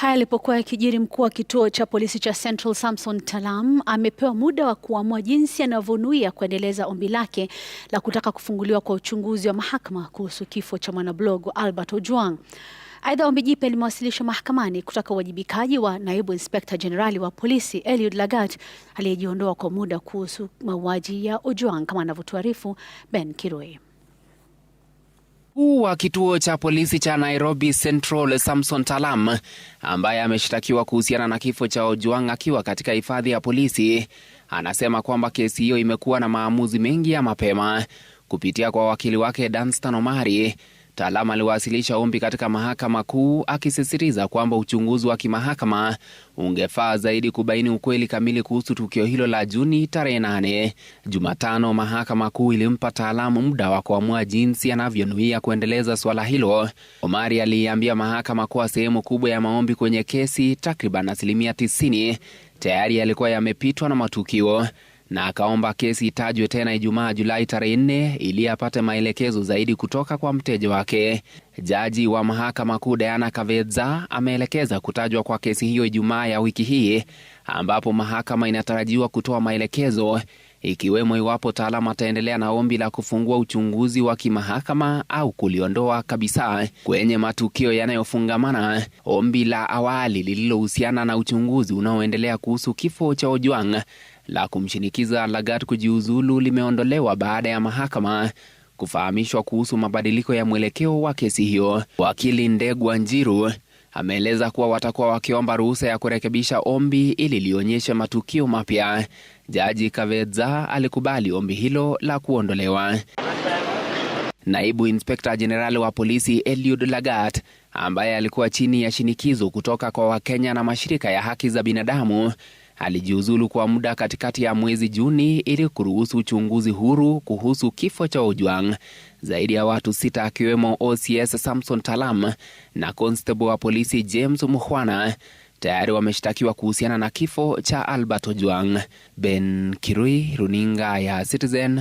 Haya alipokuwa yakijiri, mkuu wa kituo cha polisi cha Central Samson Talam amepewa muda wa kuamua jinsi anavyonuia kuendeleza ombi lake la kutaka kufunguliwa kwa uchunguzi wa mahakama kuhusu kifo cha mwanablogu Albert Ojwang. Aidha, ombi jipya limewasilishwa mahakamani kutaka uwajibikaji wa naibu inspekta jenerali wa polisi Eliud Lagat aliyejiondoa kwa muda kuhusu mauaji ya Ojwang, kama anavyotuarifu Ben Kiroi. Mkuu wa kituo cha polisi cha Nairobi Central Samson Talam ambaye ameshtakiwa kuhusiana na kifo cha Ojwang akiwa katika hifadhi ya polisi anasema kwamba kesi hiyo imekuwa na maamuzi mengi ya mapema kupitia kwa wakili wake Danstan Omari Talam aliwasilisha ombi katika mahakama kuu akisisitiza kwamba uchunguzi wa kimahakama ungefaa zaidi kubaini ukweli kamili kuhusu tukio hilo la Juni tarehe 8. Jumatano, mahakama kuu ilimpa taalamu muda wa kuamua jinsi anavyonuia kuendeleza suala hilo. Omari aliiambia mahakama kuwa sehemu kubwa ya maombi kwenye kesi, takriban asilimia 90, tayari yalikuwa yamepitwa na matukio na akaomba kesi itajwe tena Ijumaa Julai tarehe 4 ili apate maelekezo zaidi kutoka kwa mteja wake. Jaji wa mahakama kuu Diana Kavedza ameelekeza kutajwa kwa kesi hiyo Ijumaa ya wiki hii, ambapo mahakama inatarajiwa kutoa maelekezo ikiwemo iwapo Taalam ataendelea na ombi la kufungua uchunguzi wa kimahakama au kuliondoa kabisa kwenye matukio yanayofungamana ombi la awali lililohusiana na uchunguzi unaoendelea kuhusu kifo cha Ojwang la kumshinikiza Lagat kujiuzulu limeondolewa baada ya mahakama kufahamishwa kuhusu mabadiliko ya mwelekeo wa kesi hiyo. Wakili Ndegwa Njiru ameeleza kuwa watakuwa wakiomba ruhusa ya kurekebisha ombi ili lionyeshe matukio mapya. Jaji Kavedza alikubali ombi hilo la kuondolewa. Naibu Inspekta Jenerali wa polisi Eliud Lagat ambaye alikuwa chini ya shinikizo kutoka kwa Wakenya na mashirika ya haki za binadamu alijiuzulu kwa muda katikati ya mwezi Juni ili kuruhusu uchunguzi huru kuhusu kifo cha Ojwang. Zaidi ya watu sita akiwemo OCS Samson Talam na constable wa polisi James muhwana tayari wameshtakiwa kuhusiana na kifo cha Albert Ojwang. Ben Kirui, runinga ya Citizen.